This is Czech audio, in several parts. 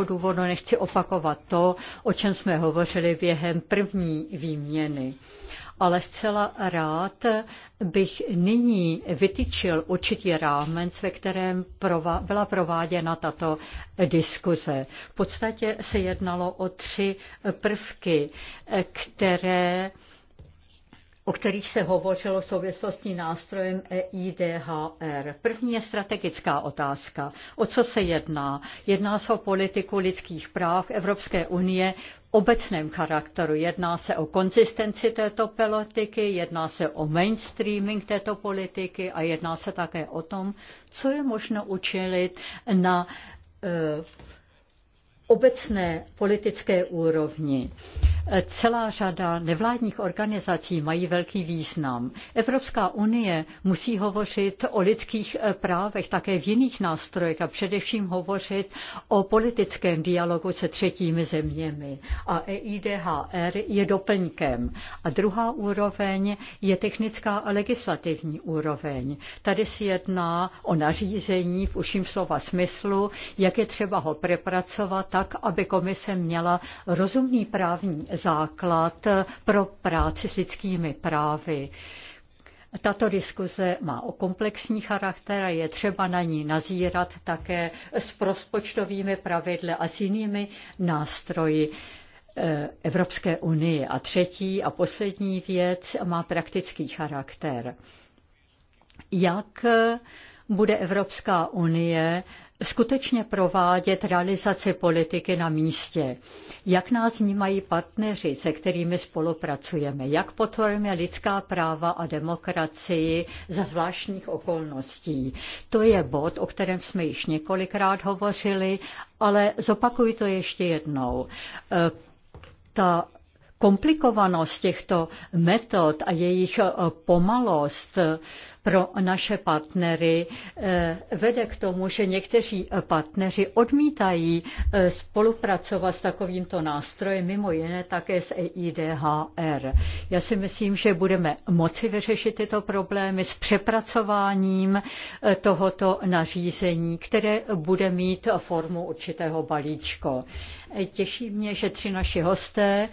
odůvodno nechci opakovat to, o čem jsme hovořili během první výměny ale zcela rád bych nyní vytyčil určitý rámec, ve kterém byla prováděna tato diskuze. V podstatě se jednalo o tři prvky, které o kterých se hovořilo v souvislosti nástrojem EIDHR. První je strategická otázka. O co se jedná? Jedná se o politiku lidských práv Evropské unie obecném charakteru. Jedná se o konzistenci této politiky, jedná se o mainstreaming této politiky a jedná se také o tom, co je možno učilit na eh, obecné politické úrovni. Celá řada nevládních organizací mají velký význam. Evropská unie musí hovořit o lidských eh, právech také v jiných nástrojech a především hovořit o politickém dialogu se třetími zeměmi. A EIDHR je doplňkem. A druhá úroveň je technická a legislativní úroveň. Tady se jedná o nařízení v uším slova smyslu, jak je třeba ho prepracovat tak, aby komise měla rozumný právní základ pro práci s lidskými právy. Tato diskuze má o komplexní charakter a je třeba na ní nazírat také s rozpočtovými pravidly a s jinými nástroji. Eh, Evropské unie. A třetí a poslední věc má praktický charakter. Jak bude Evropská unie skutečně provádět realizaci politiky na místě. Jak nás vnímají partneři, se kterými spolupracujeme? Jak potvrdíme lidská práva a demokracii za zvláštních okolností? To je bod, o kterém jsme již několikrát hovořili, ale zopakuji to ještě jednou. Eh, ta komplikovanost těchto metod a jejich eh, pomalost pro naše partnery eh, vede k tomu, že někteří partneři odmítají eh, spolupracovat s takovýmto nástrojem, mimo jiné také s EIDHR. Já si myslím, že budeme moci vyřešit tyto problémy s přepracováním eh, tohoto nařízení, které bude mít formu určitého balíčko. Těší mě, že tři naši hosté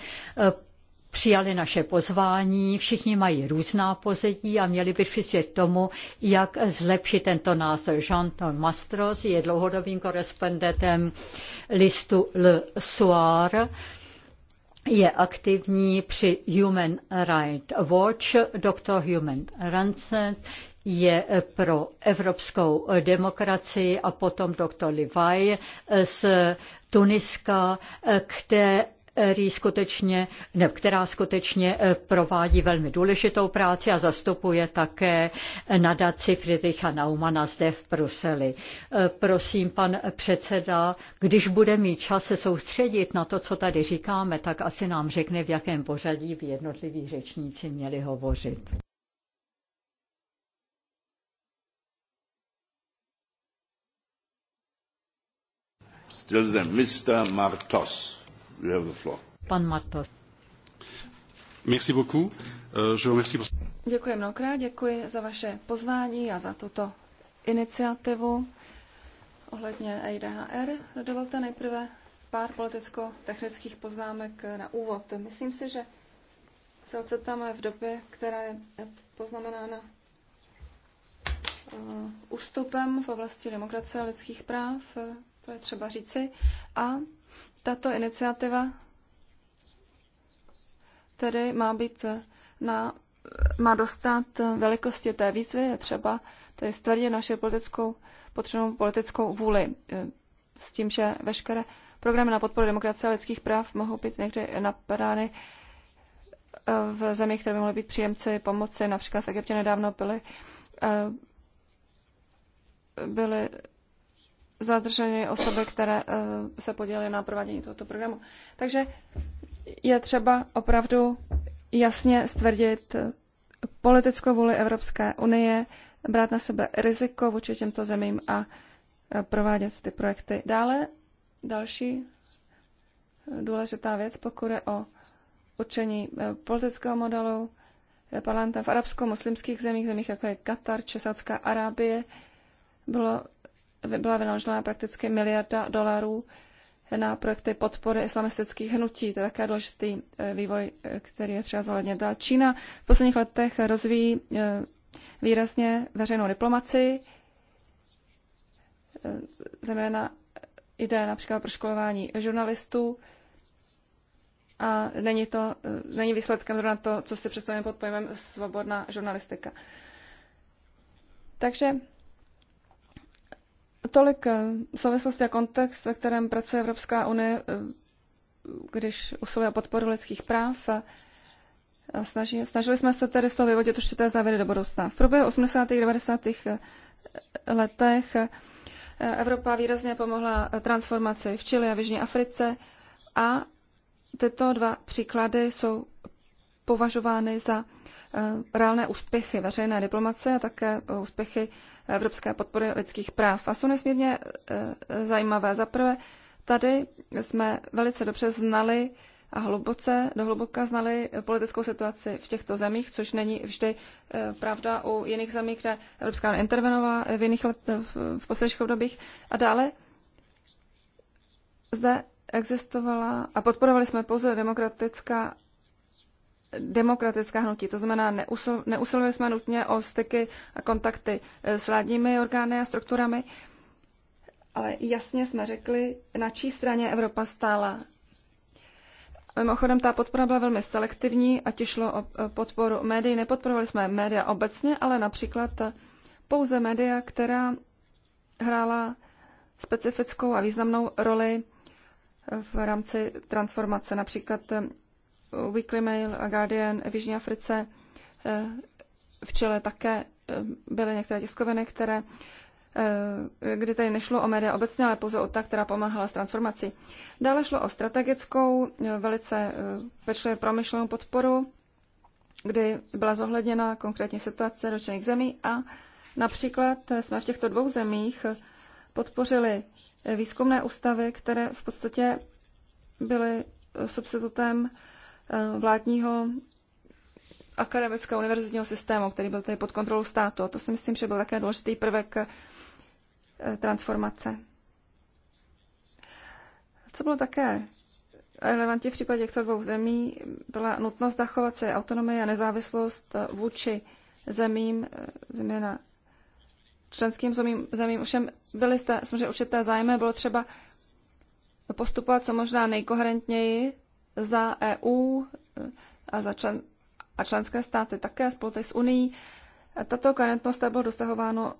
přijali naše pozvání, všichni mají různá pozadí a měli by přispět tomu, jak zlepšit tento názor. Jean Mastros je dlouhodobým korespondentem listu Le Soir, je aktivní při Human Rights Watch, doktor Human Rights je pro evropskou demokracii a potom doktor Levi z Tuniska, které který skutečně, ne, která skutečně eh, provádí velmi důležitou práci a zastupuje také nadaci Friedricha Naumana zde v Bruseli. Eh, prosím, pan předseda, když bude mít čas se soustředit na to, co tady říkáme, tak asi nám řekne, v jakém pořadí by jednotliví řečníci měli hovořit. Still then, Mr. Martos. You have the floor. Pan Martos. Merci beaucoup. Euh, je remercie pour... Děkuji mnohokrát, děkuji za vaše pozvání a za tuto iniciativu ohledně EIDHR. Dovolte nejprve pár politicko-technických poznámek na úvod. Myslím si, že se ocitáme v době, která je poznamenána uh, ústupem v oblasti demokracie a lidských práv, to je třeba říci, a tato iniciativa tedy má být na, má dostat velikosti té výzvy, je třeba tedy stvrdit naše politickou, potřebnou politickou vůli eh, s tím, že veškeré programy na podporu demokracie a lidských práv mohou být někdy napadány eh, v zemích, které by mohly být příjemci pomoci. Například v Egyptě nedávno byly, eh, byly zadrženy osoby, které eh, se podělily na provádění tohoto programu. Takže je třeba opravdu jasně stvrdit politickou vůli Evropské unie, brát na sebe riziko vůči těmto zemím a eh, provádět ty projekty. Dále další eh, důležitá věc, pokud je o učení politického modelu parlamenta v arabsko-muslimských zemích, zemích jako je Katar česácká Arábie, bylo byla vynaložena prakticky miliarda dolarů na projekty podpory islamistických hnutí. To je také důležitý e, vývoj, e, který je třeba zohlednit. Čína v posledních letech rozvíjí e, výrazně veřejnou diplomaci, zejména jde například pro školování žurnalistů a není, to, není výsledkem zrovna to, co si představujeme pod pojmem svobodná žurnalistika. Takže Tolik eh, souvislosti a kontext, ve kterém pracuje Evropská unie, eh, když usiluje o podporu lidských práv. A snaží, snažili jsme se tedy z toho vyvodit určité závěry do budoucna. V průběhu 80. a 90. letech eh, Evropa výrazně pomohla transformaci v Chile a v Jižní Africe a tyto dva příklady jsou považovány za Eh, reálné úspěchy veřejné diplomace a také eh, úspěchy evropské podpory lidských práv. A jsou nesmírně eh, zajímavé. Zaprvé tady jsme velice dobře znali a hluboce, dohluboka znali politickou situaci v těchto zemích, což není vždy pravda u jiných zemí, kde Evropská unie intervenovala v jiných let, v, v posledních obdobích. A dále zde existovala a podporovali jsme pouze demokratická demokratická hnutí. To znamená, neusil, neusilujeme jsme nutně o styky a kontakty eh, s vládními orgány a strukturami, ale jasně jsme řekli, na čí straně Evropa stála. Mimochodem, ta podpora byla velmi selektivní, ať šlo o podporu médií. Nepodporovali jsme média obecně, ale například eh, pouze média, která hrála specifickou a významnou roli v rámci transformace. Například eh, Weekly Mail a Guardian v Jižní Africe. Eh, v čele také eh, byly některé tiskoviny, které eh, kdy tady nešlo o média obecně, ale pouze o ta, která pomáhala s transformací. Dále šlo o strategickou, velice pečlivě promyšlenou podporu, kdy byla zohledněna konkrétní situace dočených zemí a například jsme v těchto dvou zemích podpořili výzkumné ústavy, které v podstatě byly substitutem Eh, vládního akademického univerzitního systému, který byl tady pod kontrolou státu. A to si myslím, že byl také důležitý prvek eh, transformace. Co bylo také relevantní v případě těchto dvou zemí, byla nutnost zachovat se autonomie a nezávislost eh, vůči zemím, zejména členským zemím, zemím. Ovšem byly samozřejmě určité zájmy, bylo třeba postupovat co možná nejkoherentněji za EU eh, a, za člen, a členské státy také spolu s Unii. Tato koherentnost byla dosahováno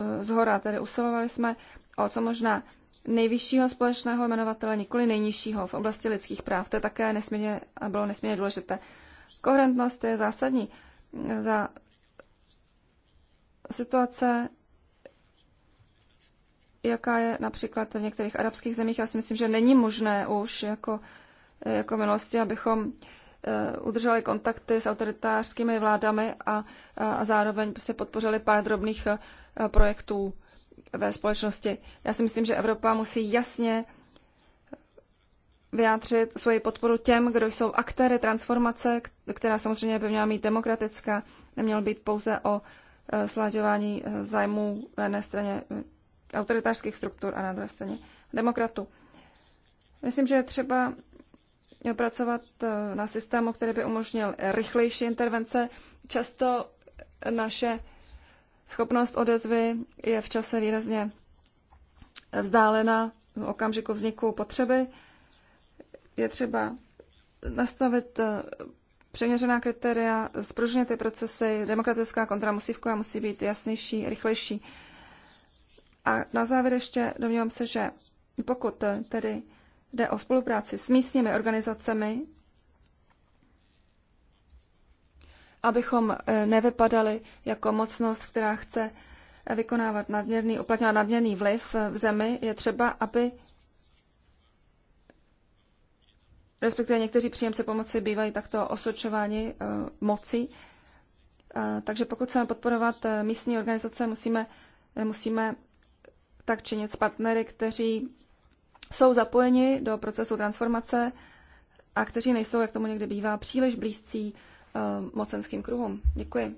eh, z hora, tedy usilovali jsme o co možná nejvyššího společného jmenovatele, nikoli nejnižšího v oblasti lidských práv. To je také nesmírně, bylo nesmírně důležité. Koherentnost je zásadní. Eh, za situace, jaká je například v některých arabských zemích, já si myslím, že není možné už jako Eh, jako v minulosti, abychom eh, udrželi kontakty s autoritářskými vládami a, a zároveň se prostě podpořili pár drobných eh, projektů ve společnosti. Já si myslím, že Evropa musí jasně vyjádřit svoji podporu těm, kdo jsou aktéry transformace, která samozřejmě by měla být demokratická, nemělo být pouze o sláďování zájmů na jedné straně autoritářských struktur a na druhé straně demokratů. Myslím, že je třeba pracovat eh, na systému, který by umožnil rychlejší intervence. Často naše schopnost odezvy je v čase výrazně vzdálena v okamžiku vzniku potřeby. Je třeba nastavit eh, přeměřená kritéria, spružně ty procesy, demokratická kontra musí a musí být jasnější, rychlejší. A na závěr ještě domnívám se, že pokud tedy Jde o spolupráci s místními organizacemi, abychom eh, nevypadali jako mocnost, která chce eh, vykonávat nadměrný, uplatňovat nadměrný vliv eh, v zemi, je třeba, aby respektive někteří příjemci pomoci bývají takto osočováni mocí. Takže pokud chceme podporovat místní organizace, musíme, musíme tak činit s partnery, kteří jsou zapojeni do procesu transformace a kteří nejsou, jak tomu někdy bývá, příliš blízcí uh, mocenským kruhům. Děkuji.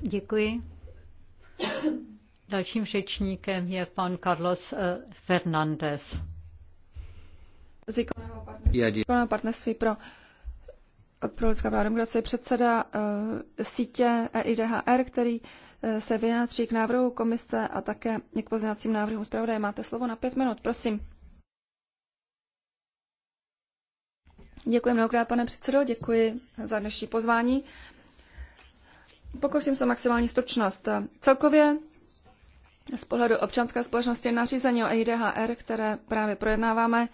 Děkuji. Dalším řečníkem je pan Carlos eh, Fernández. Z výkonného partnerství, partnerství pro, pro lidská práva demokracie předseda uh, sítě EIDHR, který uh, se vyjádří k návrhu komise a také k pozměňovacím návrhům zpravodaje. Máte slovo na pět minut, prosím. Děkuji mnohokrát, pane předsedo, děkuji za dnešní pozvání. Pokusím se maximální stručnost. Celkově z pohledu občanské společnosti nařízení o e IDHR, které právě projednáváme,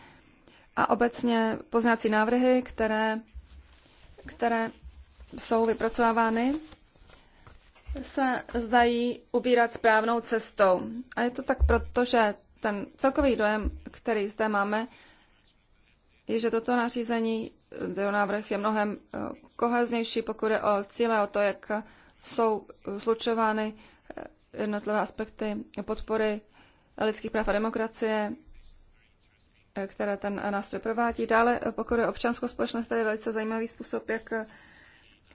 a obecně poznací návrhy, které, které jsou vypracovávány se zdají ubírat správnou cestou. A je to tak proto, že ten celkový dojem, který zde máme, je, že toto nařízení, jeho návrh je mnohem eh, koheznější, pokud je o cíle, o to, jak jsou slučovány eh, jednotlivé aspekty podpory lidských práv a demokracie, eh, které ten nástroj provádí. Dále, pokud je občanskou společnost, tady je velice zajímavý způsob, jak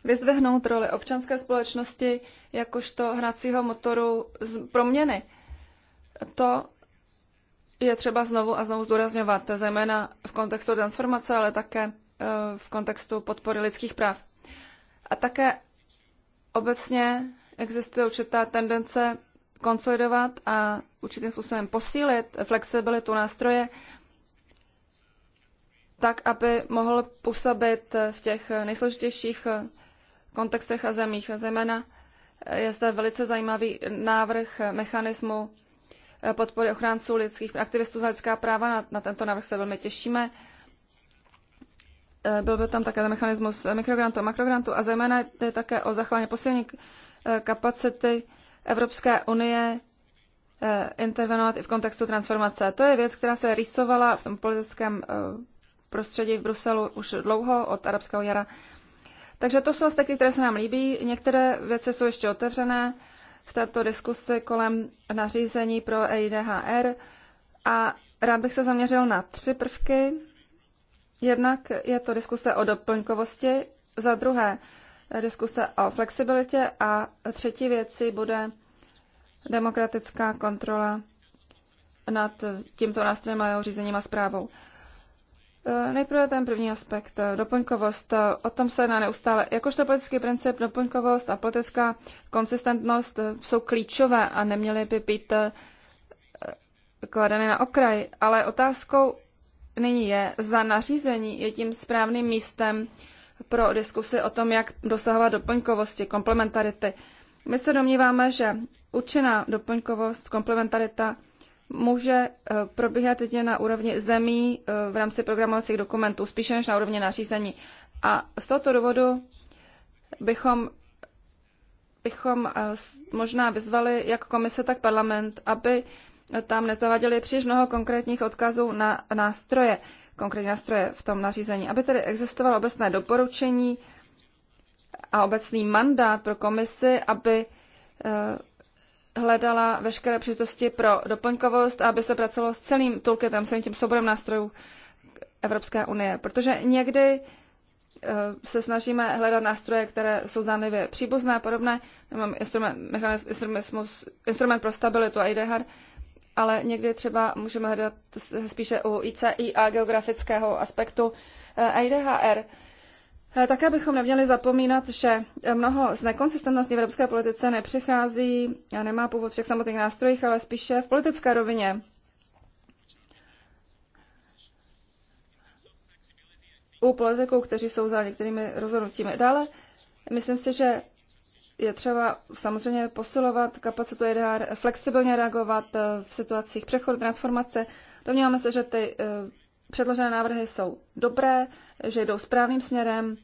vyzdvihnout roli občanské společnosti jakožto hracího motoru proměny. To je třeba znovu a znovu zdůrazňovat, zejména v kontextu transformace, ale také eh, v kontextu podpory lidských práv. A také obecně existuje určitá tendence konsolidovat a určitým způsobem posílit flexibilitu nástroje, tak, aby mohl působit v těch nejsložitějších kontextech a zemích. Zejména eh, je zde velice zajímavý návrh mechanismu eh, podpory ochránců lidských aktivistů za lidská práva. Na, na tento návrh se velmi těšíme. Eh, byl by tam také mechanismus mikrograntu a makrograntu a zejména jde také o zachování posílení kapacity Evropské unie intervenovat i v kontextu transformace. To je věc, která se rýsovala v tom politickém prostředí v Bruselu už dlouho od arabského jara takže to jsou aspekty, které se nám líbí. Některé věci jsou ještě otevřené v této diskusi kolem nařízení pro EIDHR a rád bych se zaměřil na tři prvky. Jednak je to diskuse o doplňkovosti, za druhé diskuse o flexibilitě a třetí věcí bude demokratická kontrola nad tímto nástrojem a jeho řízením a zprávou. Eh, nejprve ten první aspekt, eh, doplňkovost. Eh, o tom se na neustále. Jakožto politický princip, doplňkovost a politická konsistentnost jsou klíčové a neměly by být kladeny na okraj. Ale otázkou nyní je, zda nařízení je tím správným místem pro diskusy o tom, jak dosahovat doplňkovosti, komplementarity. My se domníváme, že účinná doplňkovost, komplementarita může eh, probíhat jedině na úrovni zemí eh, v rámci programovacích dokumentů, spíše než na úrovni nařízení. A z tohoto důvodu bychom, bychom eh, možná vyzvali jak komise, tak parlament, aby tam nezaváděli příliš mnoho konkrétních odkazů na nástroje, konkrétní nástroje v tom nařízení, aby tedy existovalo obecné doporučení a obecný mandát pro komisi, aby hledala veškeré příležitosti pro doplňkovost a aby se pracovalo s celým toolkitem, celým tím souborem nástrojů Evropské unie. Protože někdy eh, se snažíme hledat nástroje, které jsou zdánlivě příbuzné a podobné. Já mám instrument, mechanismus, instrument pro stabilitu a IDHR, ale někdy třeba můžeme hledat spíše u ICI a geografického aspektu eh, IDHR Eh, také bychom neměli zapomínat, že eh, mnoho z nekonsistentností v evropské politice nepřichází a nemá původ všech samotných nástrojích, ale spíše v politické rovině. U politiků, kteří jsou za některými rozhodnutími. Dále, myslím si, že je třeba samozřejmě posilovat kapacitu EDR, eh, flexibilně reagovat v situacích přechodu, transformace. Domníváme se, že ty předložené návrhy jsou dobré, že jdou správným směrem.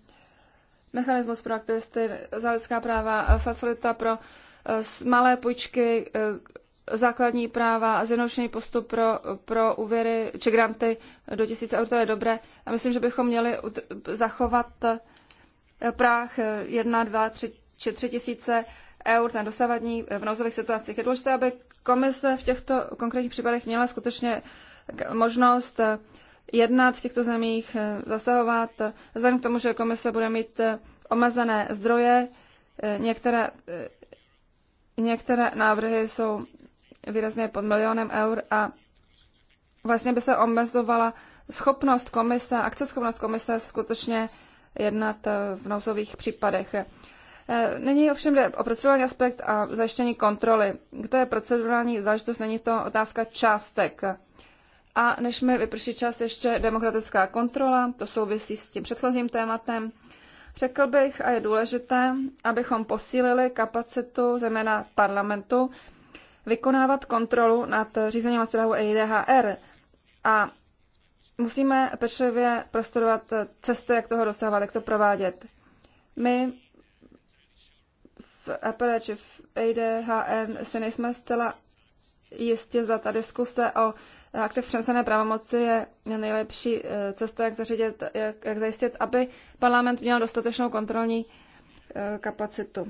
Mechanismus pro aktivisty za lidská práva, facilita pro e, malé půjčky, e, základní práva a zjednodušený postup pro, pro úvěry či granty do tisíce eur, to je dobré. A myslím, že bychom měli zachovat e, práh 1, 2, 3 či 3 tisíce eur, ten dosavadní v nouzových situacích. Je důležité, aby komise v těchto konkrétních případech měla skutečně možnost jednat v těchto zemích, eh, zasahovat. Vzhledem k tomu, že komise bude mít eh, omezené zdroje, eh, některé, některé návrhy jsou výrazně pod milionem eur a vlastně by se omezovala schopnost komise, akceschopnost komise skutečně jednat v nouzových případech. Není ovšem jde o procedurální aspekt a zajištění kontroly. Kdo je procedurální záležitost, není to otázka částek. A než mi vyprší čas ještě demokratická kontrola, to souvisí s tím předchozím tématem, řekl bych, a je důležité, abychom posílili kapacitu zejména parlamentu vykonávat kontrolu nad řízením a zprávou EIDHR. A musíme pečlivě prostudovat cesty, jak toho dostávat, jak to provádět. My v EPD či v EIDHN si nejsme zcela jistě, zda ta diskuse o aktiv přenesené pravomoci je nejlepší eh, cesta, jak, zařídit, jak, jak zajistit, aby parlament měl dostatečnou kontrolní eh, kapacitu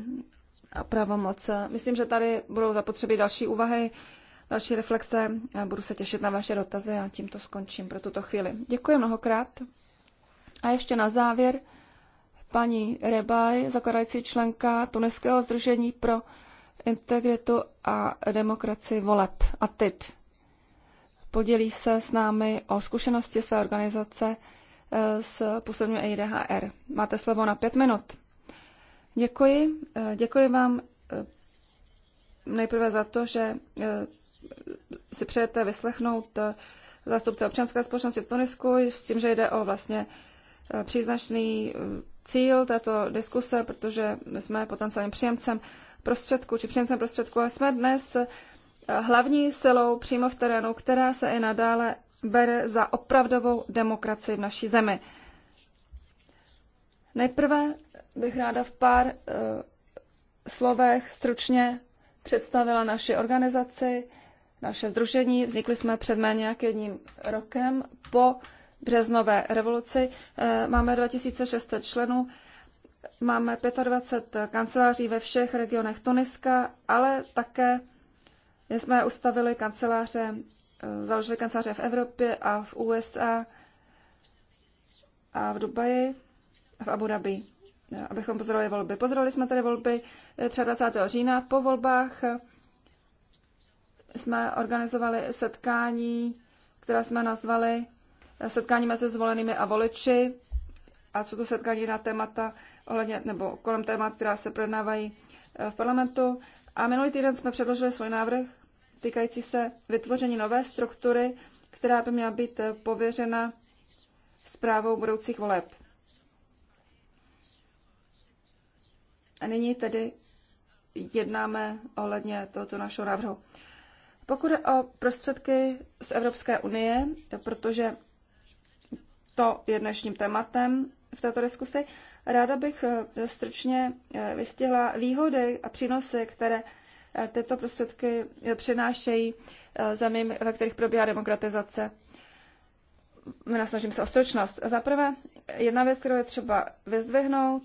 a pravomoc. Myslím, že tady budou zapotřebí další úvahy, další reflexe. Budu se těšit na vaše dotazy a tím to skončím pro tuto chvíli. Děkuji mnohokrát. A ještě na závěr paní Rebaj, zakladající členka Tuneského združení pro integritu a demokracii voleb a TID podělí se s námi o zkušenosti své organizace eh, s působením EIDHR. Máte slovo na pět minut. Děkuji. Eh, děkuji vám eh, nejprve za to, že si přejete vyslechnout zástupce občanské společnosti v Tunisku s tím, že jde o vlastně příznačný cíl této diskuse, protože my jsme potenciálním příjemcem prostředku, či příjemcem prostředku, ale jsme dnes hlavní silou přímo v terénu, která se i nadále bere za opravdovou demokracii v naší zemi. Nejprve bych ráda v pár uh, slovech stručně představila naši organizaci, naše združení. Vznikli jsme před méně jak jedním rokem po březnové revoluci. Uh, máme 2600 členů, máme 25 kanceláří ve všech regionech Tuniska, ale také my jsme ustavili kanceláře, eh, založili kanceláře v Evropě a v USA a v Dubaji a v Abu Dhabi, eh, abychom pozorovali volby. Pozorovali jsme tedy volby 23. Eh, října. Po volbách jsme organizovali setkání, které jsme nazvali setkání mezi zvolenými a voliči. A co to setkání na témata ohledně, nebo kolem témat, která se projednávají v parlamentu. A minulý týden jsme předložili svůj návrh týkající se vytvoření nové struktury, která by měla být pověřena zprávou budoucích voleb. A nyní tedy jednáme ohledně tohoto našeho návrhu. Pokud je o prostředky z Evropské unie, protože to je dnešním tématem v této diskusi, ráda bych stručně vystihla výhody a přínosy, které tyto prostředky přinášejí eh, zemím, ve kterých probíhá demokratizace. Snažím se o stručnost. Za prvé, jedna věc, kterou je třeba vyzdvihnout,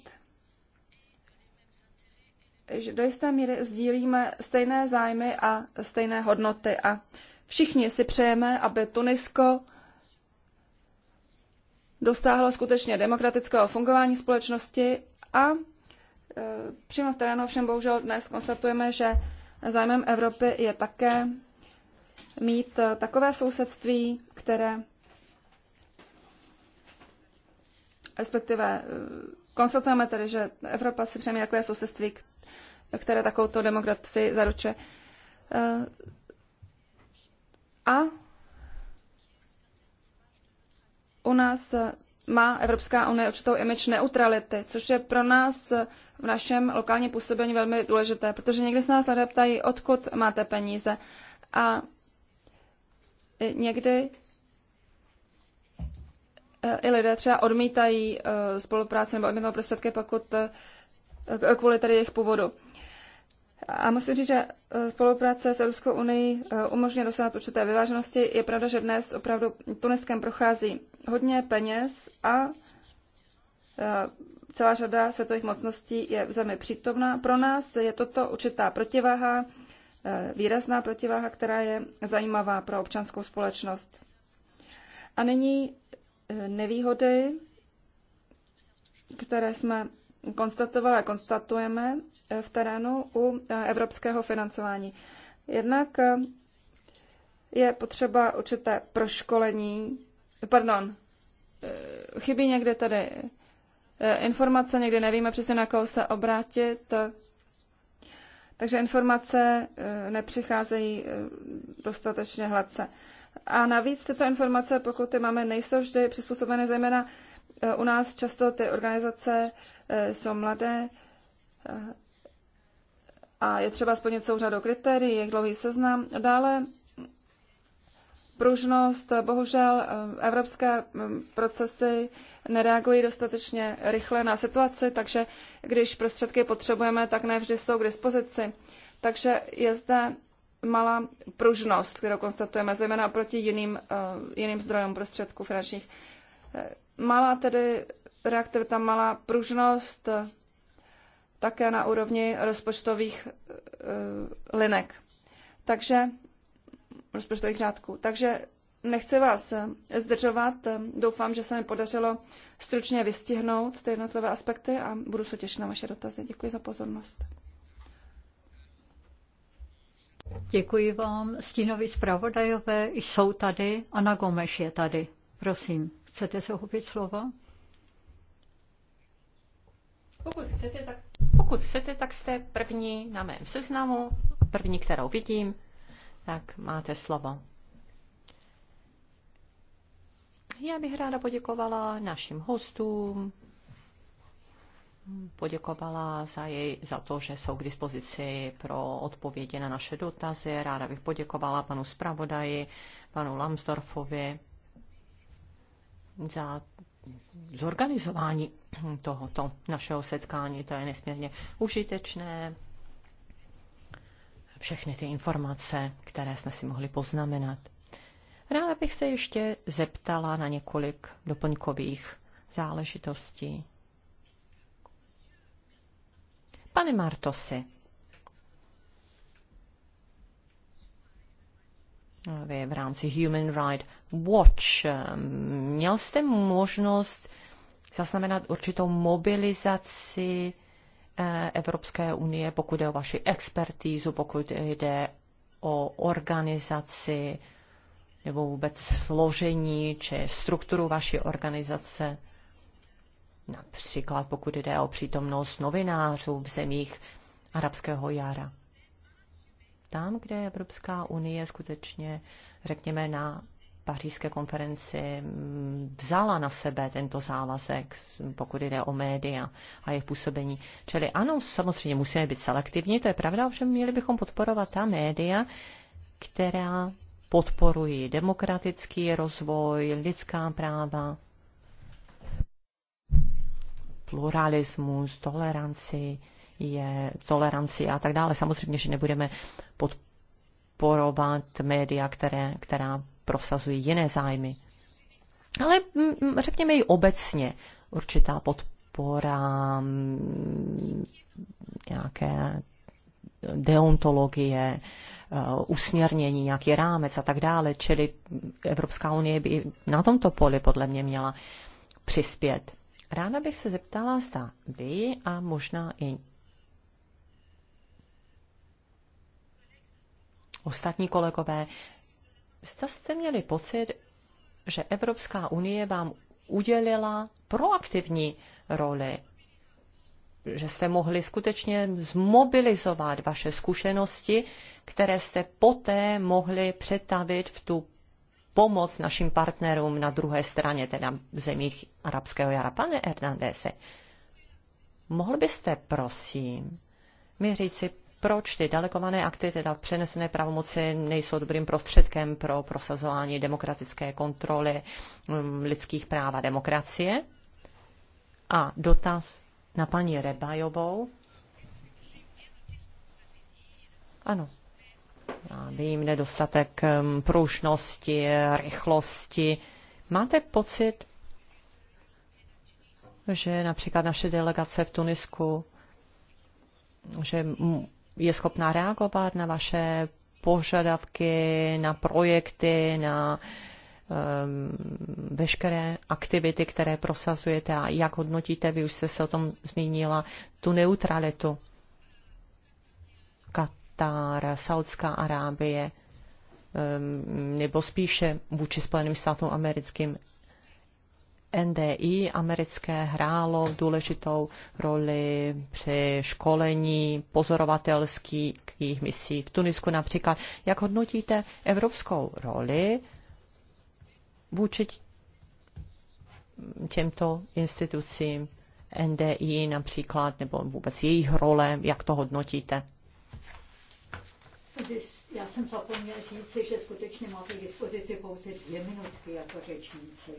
že do jisté míry sdílíme stejné zájmy a stejné hodnoty a všichni si přejeme, aby Tunisko dosáhlo skutečně demokratického fungování společnosti a Eh, přímo v terénu všem bohužel dnes konstatujeme, že zájmem Evropy je také mít eh, takové sousedství, které respektive eh, konstatujeme tedy, že Evropa si přeje jako takové sousedství, které takovouto demokracii zaručuje. A u nás má Evropská unie určitou image neutrality, což je pro nás v našem lokálním působení velmi důležité, protože někdy se nás lidé ptají, odkud máte peníze. A někdy e, i lidé třeba odmítají e, spolupráci nebo odmítnou prostředky, pokud e, kvůli tady jejich původu. A musím říct, že spolupráce s Evropskou unii umožňuje dosáhnout určité vyváženosti. Je pravda, že dnes opravdu Tuniskem prochází hodně peněz a e, celá řada světových mocností je v zemi přítomná. Pro nás je toto určitá protiváha, e, výrazná protiváha, která je zajímavá pro občanskou společnost. A nyní e, nevýhody, které jsme konstatovali a konstatujeme v terénu u evropského financování. Jednak je potřeba určité proškolení pardon, eh, chybí někde tady eh, informace, někde nevíme přesně na koho se obrátit, takže informace eh, nepřicházejí dostatečně hladce. A navíc tyto informace, pokud ty máme, nejsou vždy přizpůsobené, zejména u nás často ty organizace jsou mladé a je třeba splnit souřadu kritérií, jak dlouhý seznam. Dále pružnost. Bohužel eh, evropské eh, procesy nereagují dostatečně rychle na situaci, takže když prostředky potřebujeme, tak ne vždy jsou k dispozici. Takže je zde malá pružnost, kterou konstatujeme, zejména proti jiným, eh, jiným zdrojům prostředků finančních. Malá tedy reaktivita, malá pružnost také na úrovni rozpočtových linek. Takže rozpočtových řádků. Takže nechci vás eh, zdržovat. Doufám, že se mi podařilo stručně vystihnout ty jednotlivé aspekty a budu se těšit na vaše dotazy. Děkuji za pozornost. Děkuji vám. Stínoví zpravodajové jsou tady. Ana Gomeš je tady. Prosím, chcete se uchopit slova? Pokud chcete, tak, pokud chcete, tak jste první na mém seznamu, první, kterou vidím tak máte slovo. Já bych ráda poděkovala našim hostům, poděkovala za, jej, za to, že jsou k dispozici pro odpovědi na naše dotazy. Ráda bych poděkovala panu zpravodaji, panu Lambsdorfovi za zorganizování tohoto našeho setkání. To je nesmírně užitečné všechny ty informace, které jsme si mohli poznamenat. Ráda bych se ještě zeptala na několik doplňkových záležitostí. Pane Martosi, vy v rámci Human Rights Watch, um, měl jste možnost zaznamenat určitou mobilizaci Eh, Evropské unie, pokud jde o vaši expertízu, pokud jde o organizaci nebo vůbec složení či strukturu vaší organizace, například pokud jde o přítomnost novinářů v zemích arabského jara. Tam, kde Evropská unie skutečně, řekněme, na pařížské konferenci mm, vzala na sebe tento závazek, pokud jde o média a jejich působení. Čili ano, samozřejmě musíme být selektivní, to je pravda, ovšem měli bychom podporovat ta média, která podporují demokratický rozvoj, lidská práva, pluralismus, toleranci, je toleranci a tak dále. Samozřejmě, že nebudeme podporovat média, které, která prosazují jiné zájmy. Ale mm, mm, řekněme i obecně určitá podpora mm, nějaké deontologie, eh, usměrnění, nějaký rámec a tak dále. Čili Evropská unie by na tomto poli podle mě měla přispět. Ráda bych se zeptala, zda vy a možná i ostatní kolegové zda jste měli pocit, že Evropská unie vám udělila proaktivní roli, že jste mohli skutečně zmobilizovat vaše zkušenosti, které jste poté mohli přetavit v tu pomoc našim partnerům na druhé straně, teda v zemích arabského jara. Pane Hernandese, mohl byste, prosím, mi říci, proč ty delegované akty, teda přenesené pravomoci, nejsou dobrým prostředkem pro prosazování demokratické kontroly mm, lidských práv a demokracie. A dotaz na paní Rebajovou. Ano. Já vím, nedostatek mm, pružnosti, rychlosti. Máte pocit, že například naše delegace v Tunisku že je schopná reagovat na vaše požadavky, na projekty, na ehm, veškeré aktivity, které prosazujete a jak hodnotíte, vy už jste se o tom zmínila, tu neutralitu. Katar, Saudská Arábie, ehm, nebo spíše vůči Spojeným státům americkým. NDI americké hrálo důležitou roli při školení pozorovatelských misí v Tunisku například. Jak hodnotíte evropskou roli vůči těmto institucím NDI například, nebo vůbec jejich role, jak to hodnotíte? Já jsem zapomněl říci, že skutečně máte k dispozici pouze dvě minutky jako řečníci.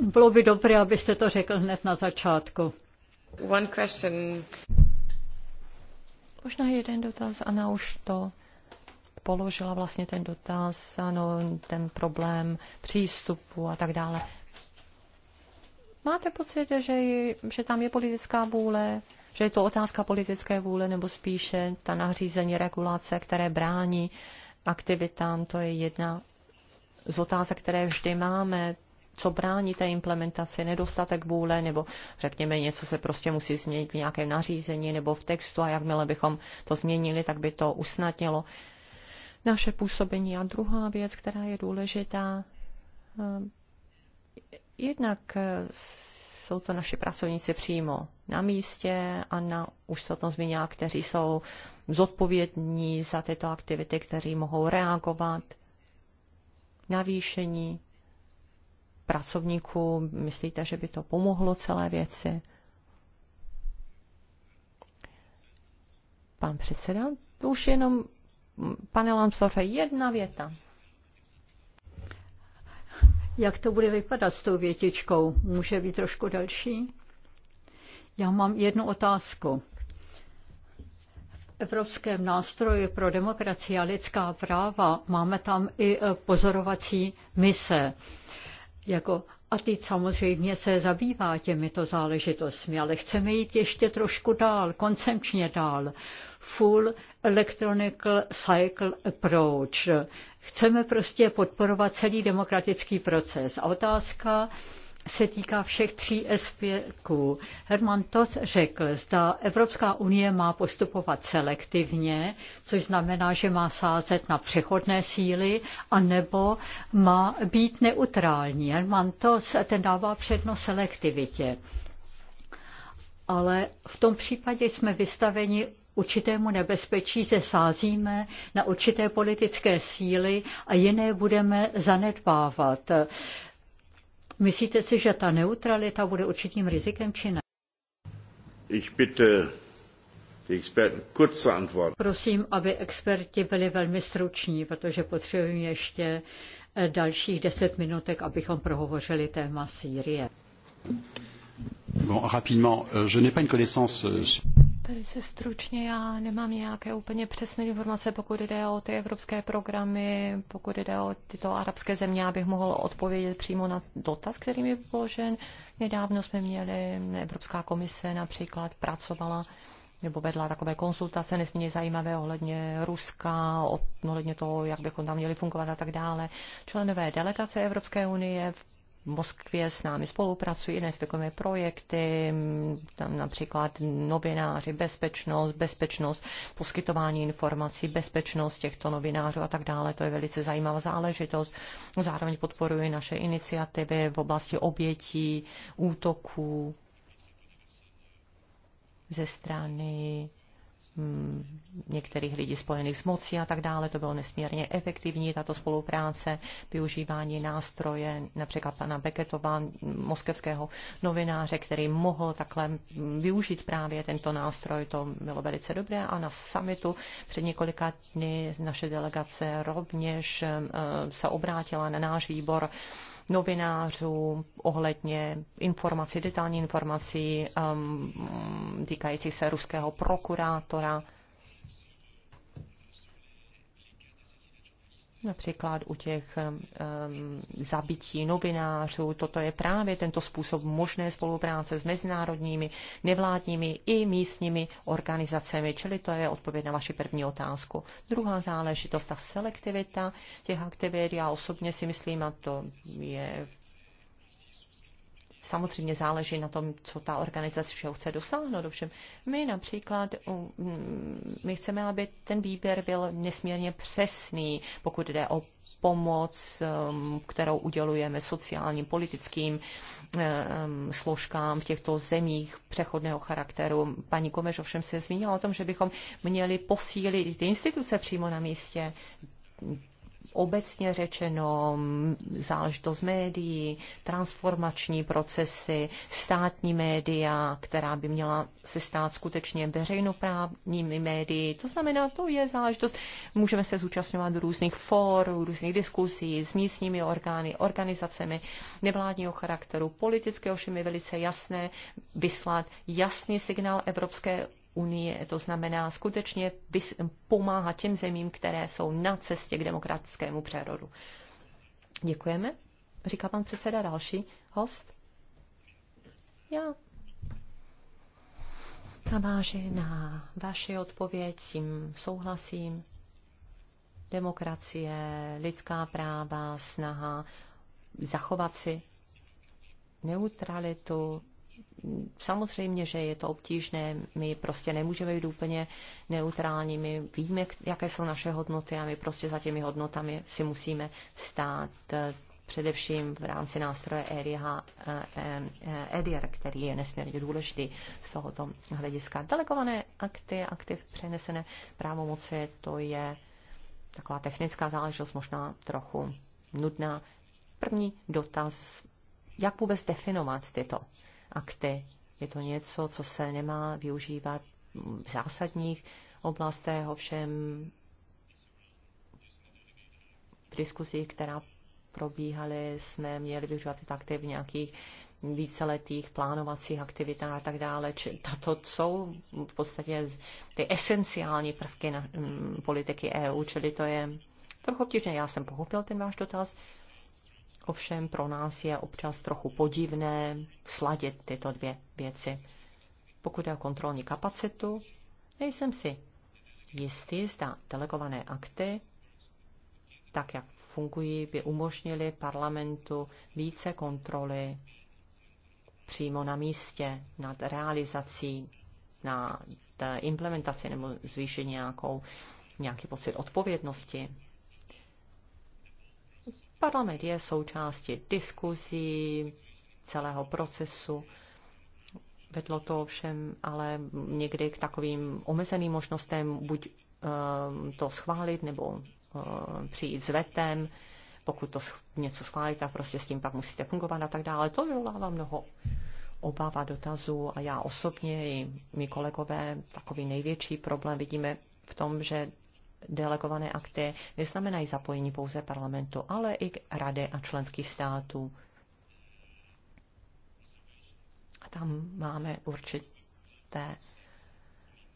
Bylo by dobré, abyste to řekl hned na začátku. One question. Možná jeden dotaz, Ana už to položila vlastně ten dotaz, ano, ten problém přístupu a tak dále. Máte pocit, že, že tam je politická vůle, že je to otázka politické vůle, nebo spíše ta nařízení regulace, které brání aktivitám, to je jedna z otázek, které vždy máme, co brání té implementaci, nedostatek vůle, nebo řekněme, něco se prostě musí změnit v nějakém nařízení nebo v textu a jakmile bychom to změnili, tak by to usnadnilo naše působení. A druhá věc, která je důležitá, eh, jednak eh, jsou to naši pracovníci přímo na místě a na, už se o tom zmínila, kteří jsou zodpovědní za tyto aktivity, kteří mohou reagovat navýšení pracovníků? Myslíte, že by to pomohlo celé věci? Pan předseda, už jenom, pane Lansdorfe, jedna věta. Jak to bude vypadat s tou větičkou? Může být trošku další? Já mám jednu otázku. Evropském nástroji pro demokracii a lidská práva máme tam i e, pozorovací mise. Jako a teď samozřejmě se zabývá těmito záležitostmi, ale chceme jít ještě trošku dál, koncepčně dál. Full electronic Cycle Approach. Chceme prostě podporovat celý demokratický proces. A otázka se týká všech tří SPQ. Herman Tos řekl, zda Evropská unie má postupovat selektivně, což znamená, že má sázet na přechodné síly, anebo má být neutrální. Herman Tos ten dává přednost selektivitě. Ale v tom případě jsme vystaveni určitému nebezpečí, že sázíme na určité politické síly a jiné budeme zanedbávat. Myslíte si, že ta neutralita bude určitým rizikem či ne? Ich bitte die Experten kurz zu antworten. Prosím, aby experti byli velmi struční, protože potřebujeme ještě eh, dalších deset minutek, abychom prohovořili téma Sýrie. Bon, rapidement, euh, je n'ai pas une connaissance euh, se stručně, já nemám nějaké úplně přesné informace, pokud jde o ty evropské programy, pokud jde o tyto arabské země, abych mohl odpovědět přímo na dotaz, který mi položen. Nedávno jsme měli, Evropská komise například pracovala nebo vedla takové konsultace nesmírně zajímavé ohledně Ruska, ohledně toho, jak bychom tam měli fungovat a tak dále. Členové delegace Evropské unie v Moskvě s námi spolupracují, identifikujeme projekty, tam například novináři, bezpečnost, bezpečnost, poskytování informací, bezpečnost těchto novinářů a tak dále. To je velice zajímavá záležitost. Zároveň podporuji naše iniciativy v oblasti obětí, útoků ze strany Mm, některých lidí spojených s mocí a tak dále. To bylo nesmírně efektivní, tato spolupráce, využívání nástroje, například pana Beketova, moskevského novináře, který mohl takhle využít právě tento nástroj. To bylo velice dobré a na summitu před několika dny naše delegace rovněž eh, se obrátila na náš výbor novinářů ohledně informací, detailní informací um, týkající se ruského prokurátora Například u těch um, zabití novinářů, toto je právě tento způsob možné spolupráce s mezinárodními, nevládními i místními organizacemi, čili to je odpověď na vaši první otázku. Druhá záležitost, ta selektivita těch aktivit, já osobně si myslím, a to je v samozřejmě záleží na tom, co ta organizace všeho chce dosáhnout. Ovšem, my například, mm, my chceme, aby ten výběr byl nesmírně přesný, pokud jde o pomoc, um, kterou udělujeme sociálním, politickým eh, um, složkám v těchto zemích přechodného charakteru. Paní Komeš ovšem se zmínila o tom, že bychom měli posílit ty instituce přímo na místě, obecně řečeno záležitost médií, transformační procesy, státní média, která by měla se stát skutečně veřejnoprávními médii. To znamená, to je záležitost. Můžeme se zúčastňovat různých fór, různých diskusí s místními orgány, organizacemi nevládního charakteru, politického, všem je velice jasné vyslat jasný signál Evropské unie, to znamená skutečně pomáhat těm zemím, které jsou na cestě k demokratickému přerodu. Děkujeme, říká pan předseda další host. Já naváže na vaši odpověď, s tím souhlasím. Demokracie, lidská práva, snaha zachovat si neutralitu, samozřejmě, že je to obtížné, my prostě nemůžeme být úplně neutrální, my víme, jaké jsou naše hodnoty a my prostě za těmi hodnotami si musíme stát eh, především v rámci nástroje eh, eh, EDIR, který je nesmírně důležitý z tohoto hlediska. Delegované akty, akty přenesené právomoci, to je taková technická záležitost, možná trochu nudná. První dotaz, jak vůbec definovat tyto akty. Je to něco, co se nemá využívat v zásadních oblastech, ovšem v diskuzích, která probíhaly, jsme měli využívat ty akty v nějakých víceletých plánovacích aktivitách a tak dále. Či tato jsou v podstatě ty esenciální prvky na, m, mm, politiky EU, čili to je trochu obtížné. Já jsem pochopil ten váš dotaz. Ovšem pro nás je občas trochu podivné sladit tyto dvě věci. Pokud je o kontrolní kapacitu, nejsem si jistý, zda delegované akty, tak jak fungují, by umožnili parlamentu více kontroly přímo na místě nad realizací, nad implementací nebo zvýšení nějakou, nějaký pocit odpovědnosti Parlament je součástí diskuzí, celého procesu. Vedlo to ovšem ale někdy k takovým omezeným možnostem buď um, to schválit nebo um, přijít s vetem. Pokud to něco schválíte, tak prostě s tím pak musíte fungovat a tak dále. To vyvolává mnoho obav a dotazů a já osobně i mý kolegové takový největší problém vidíme v tom, že delegované akty neznamenají zapojení pouze parlamentu, ale i rady a členských států. A tam máme určité,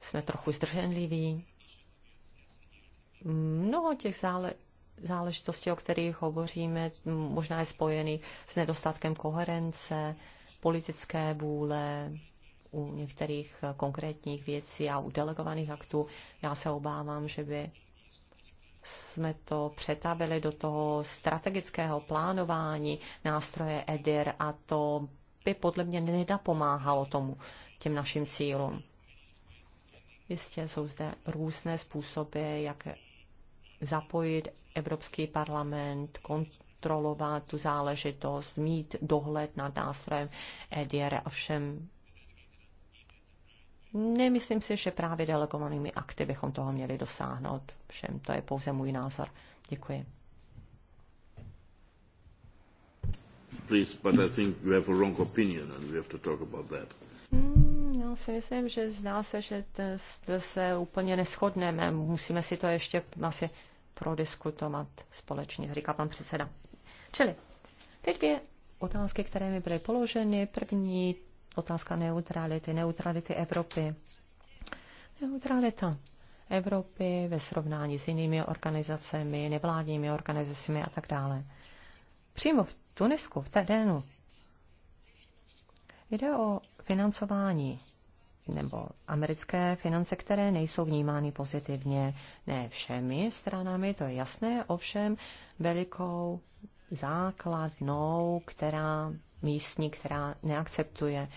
jsme trochu zdrženliví. Mnoho těch zále, záležitostí, o kterých hovoříme, možná je spojený s nedostatkem koherence, politické vůle, u některých konkrétních věcí a u delegovaných aktů, já se obávám, že by jsme to přetavili do toho strategického plánování nástroje EDIR a to by podle mě nedapomáhalo tomu, těm našim cílům. Jistě jsou zde různé způsoby, jak zapojit Evropský parlament, kontrolovat tu záležitost, mít dohled nad nástrojem EDR, všem. Nemyslím si, že právě delegovanými akty bychom toho měli dosáhnout. Všem to je pouze můj názor. Děkuji. Please, but I think you have a wrong opinion and we have to talk about that. Hmm, já si myslím, že zdá se, že se úplně neschodneme. Musíme si to ještě asi prodiskutovat společně, říká pan předseda. Čili teď dvě otázky, které mi byly položeny. První otázka neutrality, neutrality Evropy. Neutralita Evropy ve srovnání s jinými organizacemi, nevládními organizacemi a tak dále. Přímo v Tunisku, v terénu, jde o financování nebo americké finance, které nejsou vnímány pozitivně, ne všemi stranami, to je jasné, ovšem velikou základnou, která místní, která neakceptuje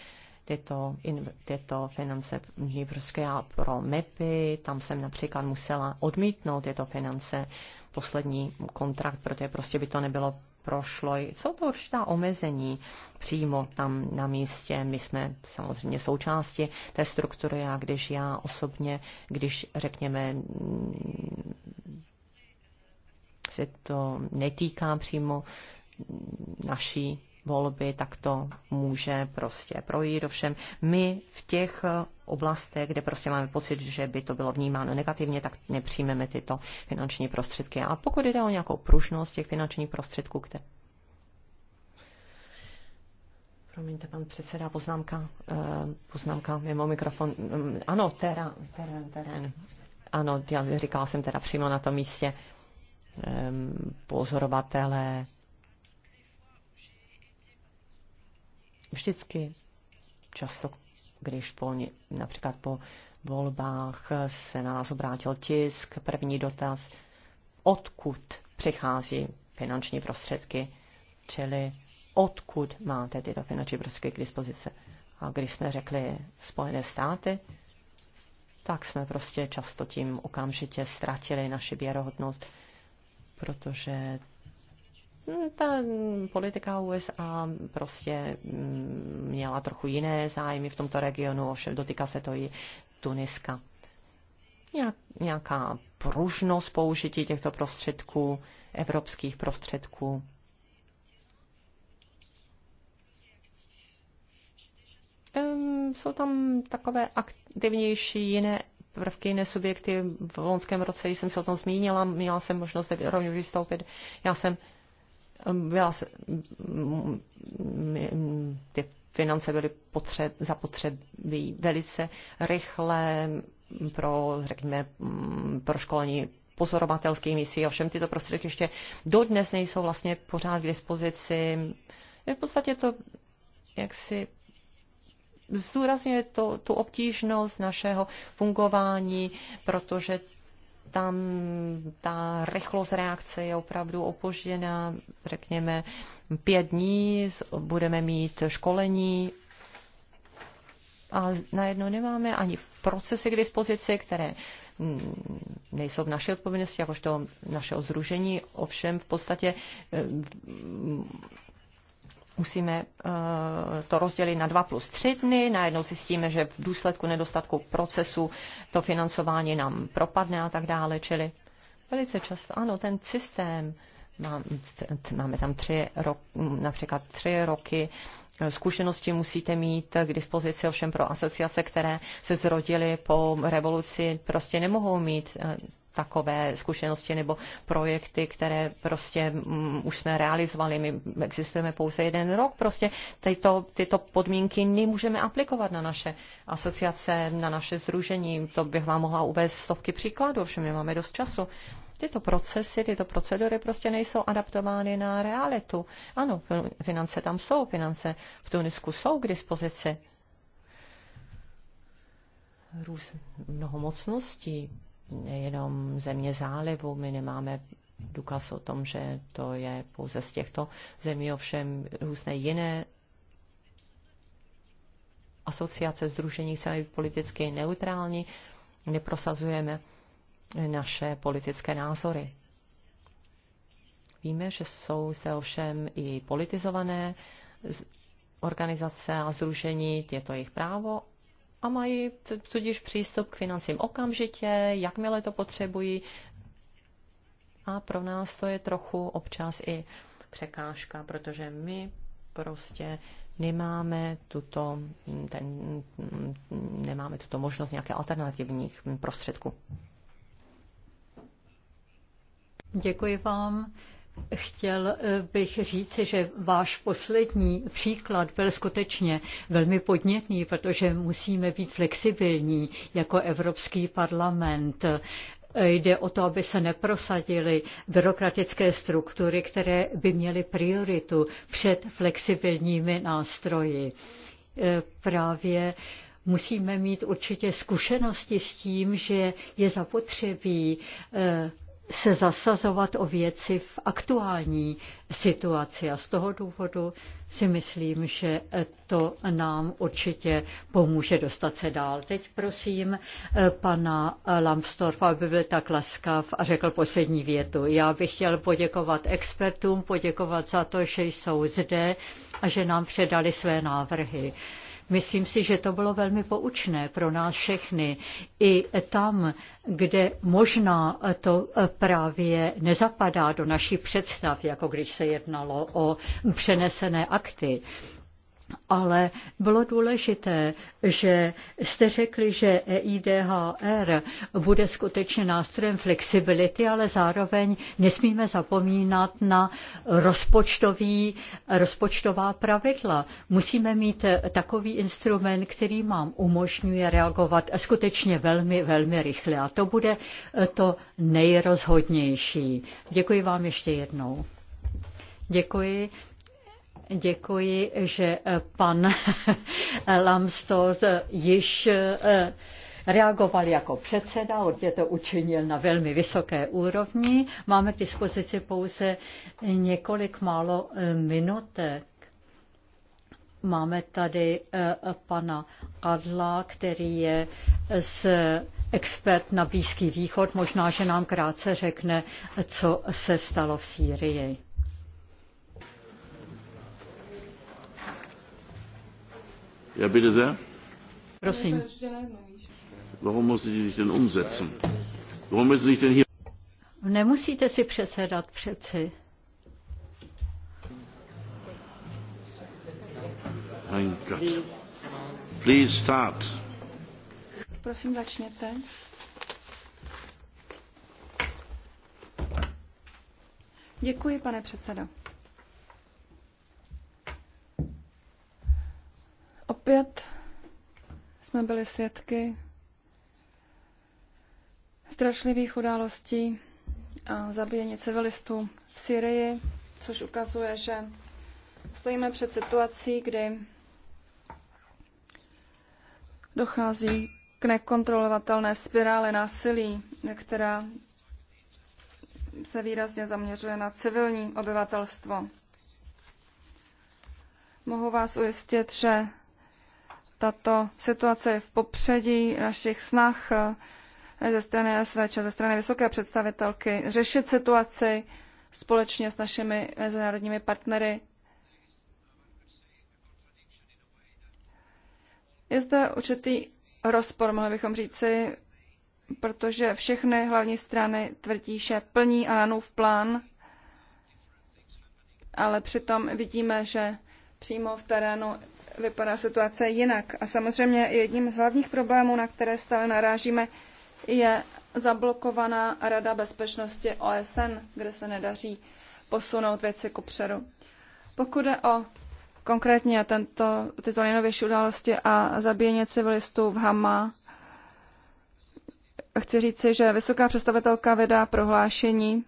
tyto, in, tyto finance vnitrské prostě a pro MEPy. Tam jsem například musela odmítnout tyto finance, poslední kontrakt, protože prostě by to nebylo prošlo. Jsou to určitá omezení přímo tam na místě. My jsme samozřejmě součástí té struktury a když já osobně, když řekněme, se to netýká přímo naší volby, tak to může prostě projít. Ovšem my v těch oblastech, kde prostě máme pocit, že by to bylo vnímáno negativně, tak nepřijmeme tyto finanční prostředky. A pokud jde o nějakou pružnost těch finančních prostředků, které Promiňte, pan předseda, poznámka, eh, poznámka mimo mikrofon. Mm, ano, terén, terén, terén. Ano, já říkala jsem teda přímo na tom místě ehm, pozorovatele vždycky často, když po, například po volbách se na nás obrátil tisk, první dotaz, odkud přichází finanční prostředky, čili odkud máte tyto finanční prostředky k dispozici. A když jsme řekli Spojené státy, tak jsme prostě často tím okamžitě ztratili naši věrohodnost, protože Hm, ta politika USA prostě hm, měla trochu jiné zájmy v tomto regionu, ovšem dotýká se to i Tuniska. Nějaká pružnost použití těchto prostředků, evropských prostředků. Jsou tam takové aktivnější jiné prvky, jiné subjekty. V loňském roce jsem se o tom zmínila, měla jsem možnost rovněž vystoupit. Já jsem byla, ty finance byly potřeb, zapotřebí velice rychle pro, řekněme, mm, pro školení pozorovatelských misí. Ovšem tyto prostředky ještě dodnes nejsou vlastně pořád k dispozici. Je v podstatě to, jak si zdůrazňuje to, tu obtížnost našeho fungování, protože tam ta rychlost reakce je opravdu opožděna, řekněme, pět dní, budeme mít školení a najednou nemáme ani procesy k dispozici, které mm, nejsou v naší odpovědnosti, jakožto našeho združení, ovšem v podstatě eh, musíme eh, to rozdělit na 2 plus 3 dny, najednou zjistíme, že v důsledku nedostatku procesu to financování nám propadne a tak dále, čili velice často, ano, ten systém, máme tam tři roky, například tři roky eh, zkušenosti musíte mít k dispozici ovšem pro asociace, které se zrodily po revoluci, prostě nemohou mít eh, takové zkušenosti nebo projekty, které prostě mm, už jsme realizovali. My existujeme pouze jeden rok. Prostě tyto, tyto podmínky nemůžeme aplikovat na naše asociace, na naše združení. To bych vám mohla uvést stovky příkladů, my máme dost času tyto procesy, tyto procedury prostě nejsou adaptovány na realitu. Ano, finance tam jsou, finance v Tunisku jsou k dispozici. Růz, mnoho mocností jenom země zálivu, my nemáme důkaz o tom, že to je pouze z těchto zemí, ovšem různé jiné asociace, združení se být politicky neutrální, neprosazujeme naše politické názory. Víme, že jsou zde ovšem i politizované organizace a združení, je to jejich právo, a mají tudíž přístup k financím okamžitě, jakmile to potřebují. A pro nás to je trochu občas i překážka, protože my prostě nemáme tuto, ten, nemáme tuto možnost nějaké alternativních prostředků. Děkuji vám. Chtěl eh, bych říci, že váš poslední příklad byl skutečně velmi podnětný, protože musíme být flexibilní jako Evropský parlament. Eh, jde o to, aby se neprosadily byrokratické struktury, které by měly prioritu před flexibilními nástroji. Eh, právě musíme mít určitě zkušenosti s tím, že je zapotřebí se zasazovat o věci v aktuální situaci. A z toho důvodu si myslím, že to nám určitě pomůže dostat se dál. Teď prosím eh, pana Lambstorfa, aby byl tak laskav a řekl poslední větu. Já bych chtěl poděkovat expertům, poděkovat za to, že jsou zde a že nám předali své návrhy. Myslím si, že to bylo velmi poučné pro nás všechny. I tam, kde možná to právě nezapadá do našich představ, jako když se jednalo o přenesené akty ale bylo důležité, že jste řekli, že EIDHR bude skutečně nástrojem flexibility, ale zároveň nesmíme zapomínat na rozpočtový, rozpočtová pravidla. Musíme mít takový instrument, který nám umožňuje reagovat skutečně velmi, velmi rychle. A to bude to nejrozhodnější. Děkuji vám ještě jednou. Děkuji. Děkuji, že eh, pan eh, Lamstos eh, již reagoval jako předseda, určitě to učinil na velmi vysoké úrovni. Máme k dispozici pouze několik málo minutek. Máme tady pana Kadla, který je z expert na Blízký východ. Možná, že nám krátce řekne, co se stalo v Sýrii. Ja, bitte sehr. Prosím. Warum muss sie sich denn umsetzen? Warum sie sich denn hier... Nemusíte si přesedat přeci. Mein Gott. Please start. Prosím, začněte. Děkuji, pane předsedo. Opět jsme byli svědky strašlivých událostí a zabíjení civilistů v Syrii, což ukazuje, že stojíme před situací, kdy dochází k nekontrolovatelné spirále násilí, která se výrazně zaměřuje na civilní obyvatelstvo. Mohu vás ujistit, že tato situace je v popředí našich snah eh, ze strany SVČ, ze strany vysoké představitelky, řešit situaci společně s našimi mezinárodními partnery. Je zde určitý rozpor, mohli bychom říci, protože všechny hlavní strany tvrdí, že plní Alanův plán, ale přitom vidíme, že přímo v terénu vypadá situace jinak. A samozřejmě jedním z hlavních problémů, na které stále narážíme, je zablokovaná Rada bezpečnosti OSN, kde se nedaří posunout věci předu. Pokud je o konkrétně tento, tyto nejnovější události a zabíjení civilistů v Hama, chci říci, že vysoká představitelka vydá prohlášení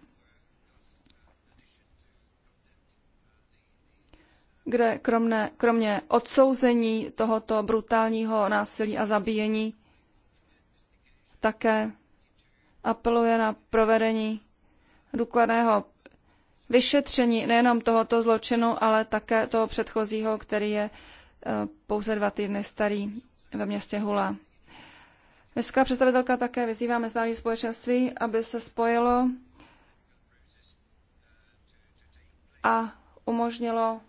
kde kromě kromě odsouzení tohoto brutálního násilí a zabíjení také apeluje na provedení důkladného vyšetření nejenom tohoto zločinu, ale také toho předchozího, který je eh, pouze dva týdny starý ve městě Hula. Vysoká představitelka také vyzývá mezinárodní společenství, aby se spojilo a umožnilo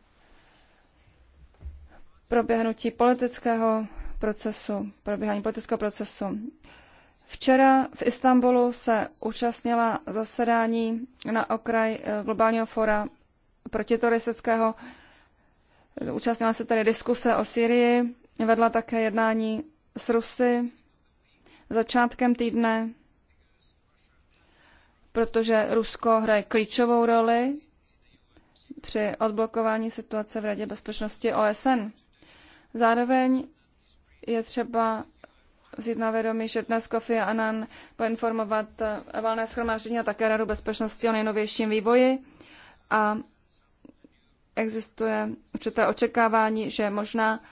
proběhnutí politického procesu, proběhání politického procesu. Včera v Istanbulu se účastnila zasedání na okraj eh, globálního fora protitoristického. Účastnila se tady diskuse o Syrii, vedla také jednání s Rusy začátkem týdne, protože Rusko hraje klíčovou roli při odblokování situace v Radě bezpečnosti OSN. Zároveň je třeba vzít na vědomí, že dnes Kofi Annan poinformovat eh, valné schromáždění a také Radu bezpečnosti o nejnovějším vývoji a existuje určité očekávání, že možná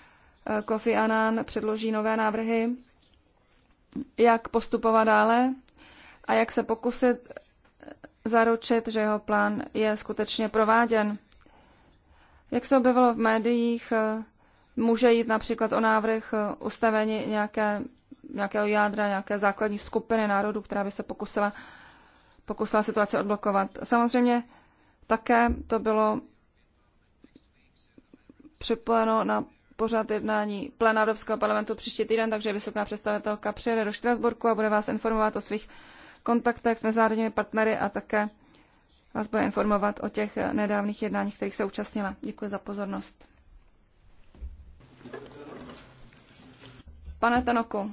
eh, Kofi Annan předloží nové návrhy, jak postupovat dále a jak se pokusit eh, zaručit, že jeho plán je skutečně prováděn. Jak se objevilo v médiích, Může jít například o návrh eh, ustavení nějaké, nějakého jádra, nějaké základní skupiny národů, která by se pokusila, pokusila situaci odblokovat. Samozřejmě také to bylo připojeno na pořad jednání pléna Evropského parlamentu příští týden, takže vysoká představitelka přijede do Štrasburku a bude vás informovat o svých kontaktech s mezinárodními partnery a také vás bude informovat o těch eh, nedávných jednáních, kterých se účastnila. Děkuji za pozornost. Pane Tanoku,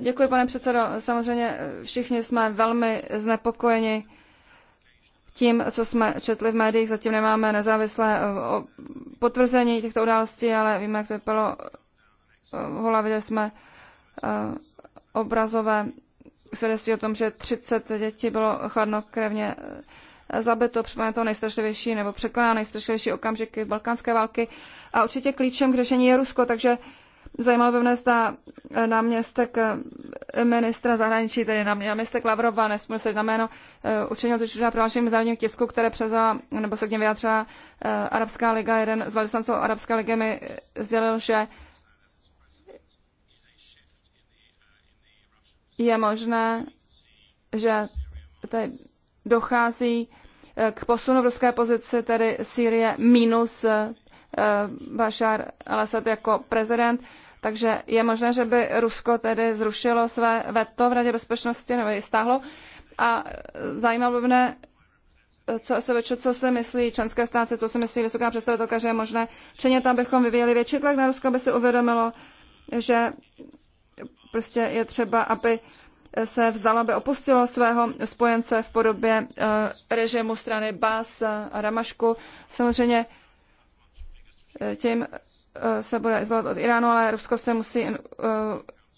děkuji, pane předsedo. Samozřejmě eh, všichni jsme velmi znepokojeni tím, co jsme četli v médiích. Zatím nemáme nezávislé eh, potvrzení těchto událostí, ale víme, jak to vypadalo eh, v viděli jsme obrazové svědectví o tom, že 30 dětí bylo chladnokrevně zabito, připomíná to nejstrašlivější nebo překoná nejstrašlivější okamžiky balkánské války a určitě klíčem k řešení je Rusko, takže Zajímalo by mě, zda eh, městek eh, ministra zahraničí, tedy městek Lavrova, nesmím se na jméno, eh, učinil to na prohlášení mezinárodního tisku, které převzala, nebo se k něm vyjádřila Arabská liga. Jeden z velvyslanců Arabské ligy mi sdělil, že je možné, že tady dochází k posunu v ruské pozici, tedy Sýrie minus Bashar al-Assad jako prezident. Takže je možné, že by Rusko tedy zrušilo své veto v Radě bezpečnosti nebo ji stáhlo. A e, zajímalo by mne, e, co SVČ, co se myslí členské státy, co se myslí vysoká představitelka, že je možné tam bychom vyvíjeli větší tlak na Rusko, aby si uvědomilo, že prostě je třeba, aby se vzdalo, aby opustilo svého spojence v podobě e, režimu strany Bas a Ramašku. Samozřejmě tím Eh, se bude izolovat od Iránu, ale Rusko se musí eh,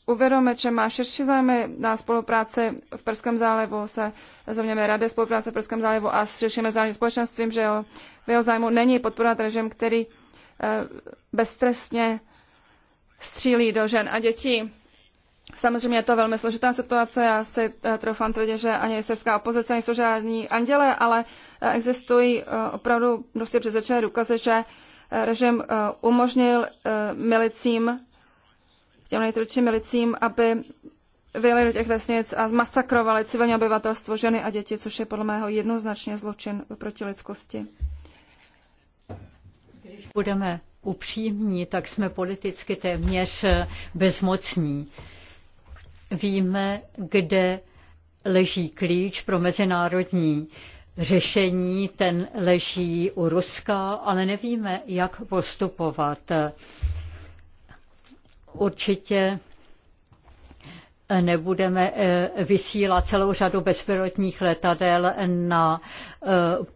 uvědomit, že má širší zájmy na spolupráci v Perském zálivu se zeměmi Rady spolupráce v Perském zálivu a s širším mezinárodním společenstvím, že jo, v jeho zájmu není podporovat režim, který eh, beztrestně střílí do žen a dětí. Samozřejmě je to velmi složitá situace. Já si troufám tvrdě, že ani srská opozice nejsou žádní anděle, ale existují opravdu dosti prostě přesvědčivé důkazy, že režim eh, umožnil eh, milicím, těm nejtrudším milicím, aby vyjeli do těch vesnic a zmasakrovali civilní obyvatelstvo, ženy a děti, což je podle mého jednoznačně zločin proti lidskosti. Když budeme upřímní, tak jsme politicky téměř eh, bezmocní. Víme, kde leží klíč pro mezinárodní řešení, ten leží u Ruska, ale nevíme, jak postupovat. Určitě nebudeme eh, vysílat celou řadu bezpilotních letadel na eh,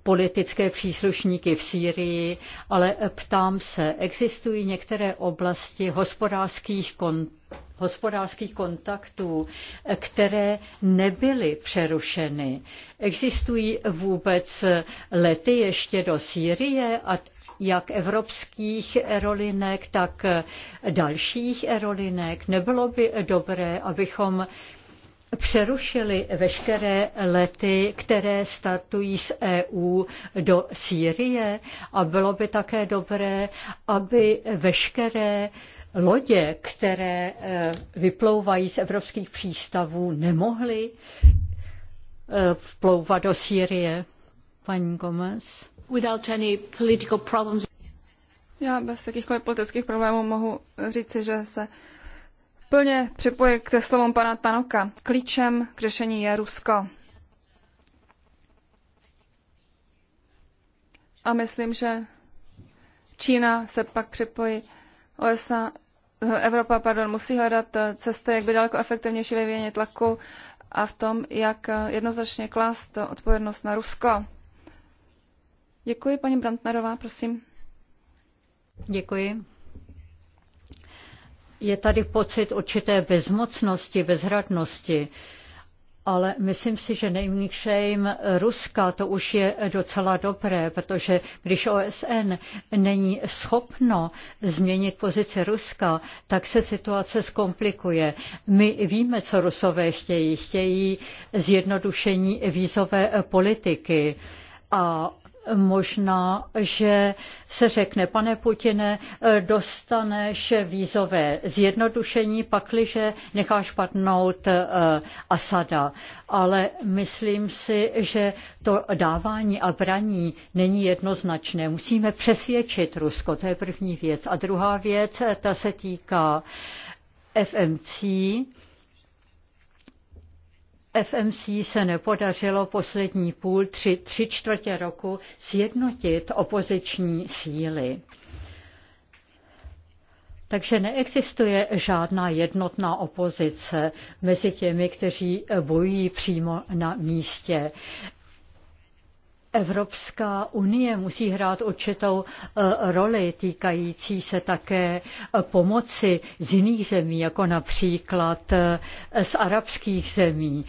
politické příslušníky v Sýrii, ale ptám se, existují některé oblasti hospodářských kontaktů, hospodářských kontaktů, které nebyly přerušeny. Existují vůbec lety ještě do Sýrie a jak evropských aerolinek, tak dalších aerolinek. Nebylo by dobré, abychom přerušili veškeré lety, které startují z EU do Sýrie a bylo by také dobré, aby veškeré lodě, které eh, vyplouvají z evropských přístavů, nemohly eh, vplouvat do Sýrie? Paní Gomez? Without any political problems. Já bez jakýchkoliv politických problémů mohu říci, že se plně připoji k slovům pana Tanoka. Klíčem k řešení je Rusko. A myslím, že Čína se pak připojí OSA, eh, Evropa pardon, musí hledat eh, cesty, jak by daleko efektivnější vyvíjení tlaku a v tom, jak eh, jednoznačně klást odpovědnost na Rusko. Děkuji, paní Brantnerová, prosím. Děkuji. Je tady pocit určité bezmocnosti, bezradnosti. Uh, ale myslím si, že naming shame Ruska to už je docela dobré, protože když OSN není schopno změnit pozici Ruska, tak se situace zkomplikuje. My víme, co Rusové chtějí. Chtějí zjednodušení vízové politiky a možná, že se řekne, pane Putine, dostaneš vízové zjednodušení, pakliže necháš padnout eh, Asada. Ale myslím si, že to dávání a braní není jednoznačné. Musíme přesvědčit Rusko, to je první věc. A druhá věc, eh, ta se týká FMC, FMC se nepodařilo poslední půl, tři, tři čtvrtě roku sjednotit opoziční síly. Takže neexistuje žádná jednotná opozice mezi těmi, kteří bojují přímo na místě. Evropská unie musí hrát určitou eh, roli týkající se také eh, pomoci z jiných zemí, jako například eh, z arabských zemí.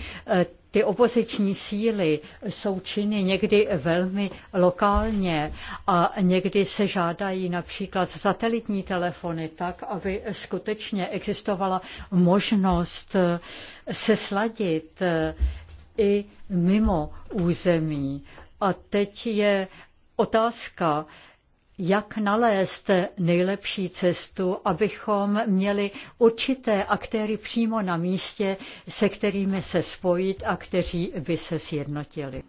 Ty opoziční síly jsou činy někdy velmi lokálně a někdy se žádají například satelitní telefony tak, aby skutečně existovala možnost se sladit i mimo území a teď je otázka, jak nalézt nejlepší cestu, abychom měli určité aktéry přímo na místě, se kterými se spojit a kteří by se sjednotili.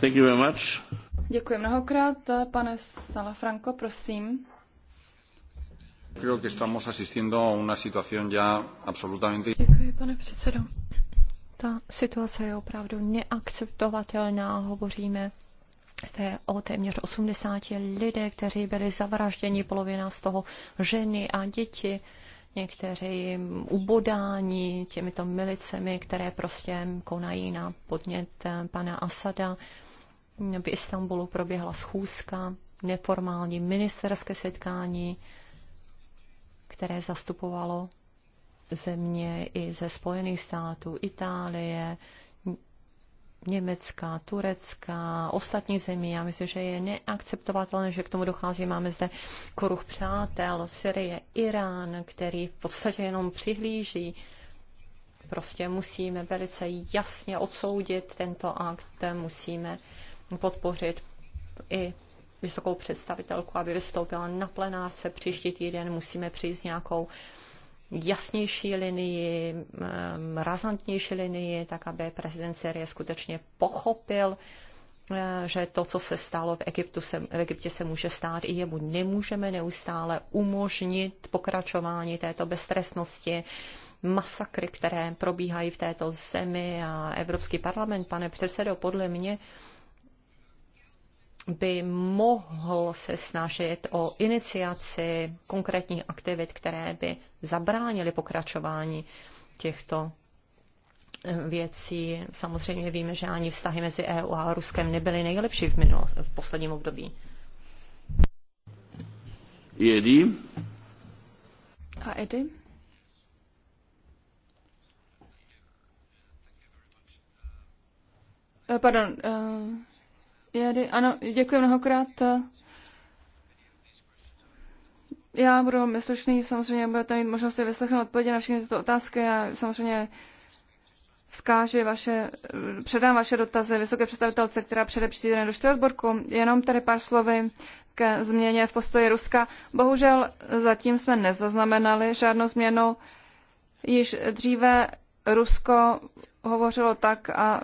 Thank you very much. Děkuji mnohokrát. Pane Salafranco, prosím. Creo que estamos asistiendo a una situación ya absolutamente... Děkuji, pane předsedo. Ta situace je opravdu neakceptovatelná. Hovoříme zde o téměř 80 lidé, kteří byli zavražděni, polovina z toho ženy a děti, někteří ubodání těmito milicemi, které prostě konají na podnět eh, pana Asada. V Istanbulu proběhla schůzka, neformální ministerské setkání, které zastupovalo země i ze Spojených států, Itálie, Německa, Turecka, ostatní země. Já myslím, že je neakceptovatelné, že k tomu dochází. Máme zde koruch přátel, Syrie, Irán, který v podstatě jenom přihlíží. Prostě musíme velice jasně odsoudit tento akt, musíme podpořit i vysokou představitelku, aby vystoupila na plenárce příští týden. Musíme přijít s nějakou uh, jasnější linii, eh, razantnější linii, tak aby prezident Syrie skutečně pochopil, eh, že to, co se stalo v, Egyptu se, v Egyptě, se může stát i jemu. Nemůžeme neustále umožnit pokračování této beztrestnosti, masakry, které probíhají v této zemi a Evropský parlament, pane předsedo, podle mě by mohl se snažit o iniciaci konkrétních aktivit, které by zabránily pokračování těchto eh, věcí. Samozřejmě víme, že ani vztahy mezi EU a Ruskem nebyly nejlepší v, minul, v posledním období. Jedy. A Edy? Eh, pardon, eh, Jedy. Ano, děkuji mnohokrát. Já budu velmi slušný, samozřejmě budete mít možnost vyslechnout odpovědi na všechny tyto otázky. Já samozřejmě vzkáži vaše, předám vaše dotazy vysoké představitelce, která přede příští do Štrasburku. Jenom tady pár slovy ke změně v postoji Ruska. Bohužel zatím jsme nezaznamenali žádnou změnu. Již dříve Rusko hovořilo tak a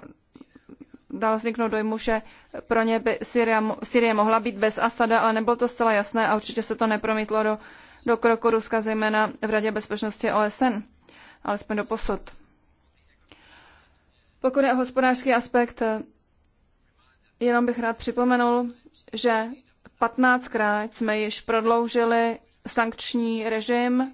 dalo vzniknout dojmu, že pro ně by Syria, Syrie mohla být bez Asada, ale nebylo to zcela jasné a určitě se to nepromítlo do, do kroku Ruska, zejména v Radě bezpečnosti OSN, alespoň do posud. Pokud je o hospodářský aspekt, eh, jenom bych rád připomenul, že 15krát jsme již prodloužili sankční režim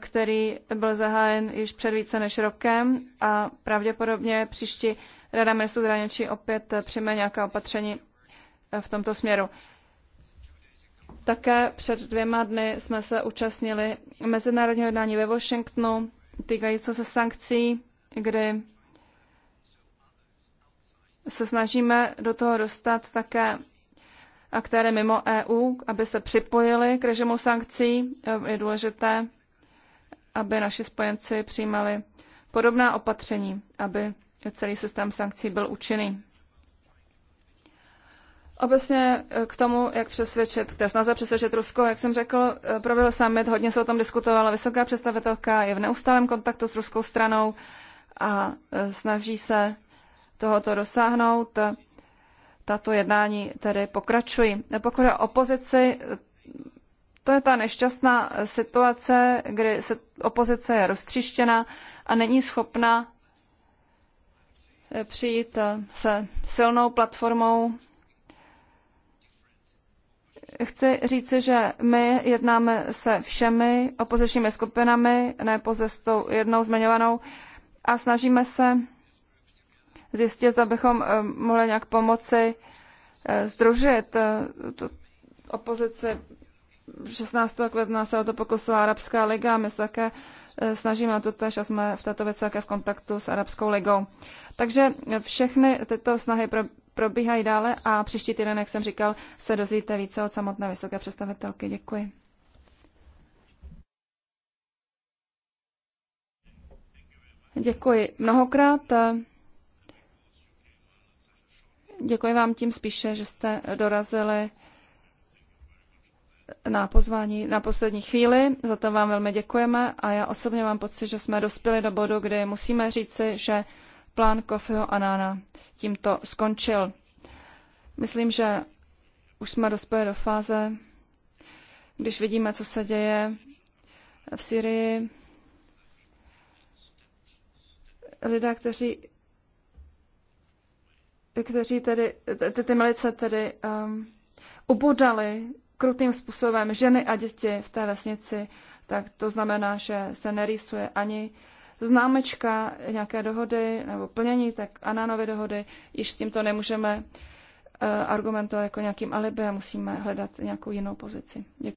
který byl zahájen již před více než rokem a pravděpodobně příští Rada ministrů zraněčí opět přijme nějaká opatření eh, v tomto směru. Také před dvěma dny jsme se účastnili mezinárodního jednání ve Washingtonu týkající se sankcí, kdy se snažíme do toho dostat také aktéry mimo EU, aby se připojili k režimu sankcí. Eh, je důležité, aby naši spojenci přijímali podobná opatření, aby celý systém sankcí byl účinný. Obecně eh, k tomu, jak přesvědčit, k té snaze přesvědčit Rusko, jak jsem řekl, eh, proběhl summit, hodně se o tom diskutovala. Vysoká představitelka je v neustálém kontaktu s ruskou stranou a eh, snaží se tohoto dosáhnout. Tato jednání tedy pokračují. Pokud je opozici, to je ta nešťastná situace, kdy se opozice je roztřištěna a není schopna eh, přijít eh, se silnou platformou. Chci říci, že my jednáme se všemi opozičními skupinami, ne pouze s tou jednou zmiňovanou, a snažíme se zjistit, zda bychom eh, mohli nějak pomoci združit opozici 16. května se o to pokusila Arabská liga, my se také eh, snažíme to tež a jsme v této věci také v kontaktu s Arabskou ligou. Takže všechny tyto snahy probíhají dále a příští týden, jak jsem říkal, se dozvíte více od samotné vysoké představitelky. Děkuji. Děkuji mnohokrát. Děkuji vám tím spíše, že jste dorazili na pozvání na poslední chvíli. Za to vám velmi děkujeme a já osobně mám pocit, že jsme dospěli do bodu, kdy musíme říci, že plán Kofiho Anána tímto skončil. Myslím, že už jsme dospěli do fáze, když vidíme, co se děje v Syrii. Lidé, kteří kteří tedy, ty, ty milice tedy um, ubodali krutým způsobem ženy a děti v té vesnici, tak to znamená, že se nerýsuje ani známečka nějaké dohody nebo plnění, tak Anánovy dohody, již s tímto nemůžeme eh, argumentovat jako nějakým alibi a musíme hledat nějakou jinou pozici. Děkuji.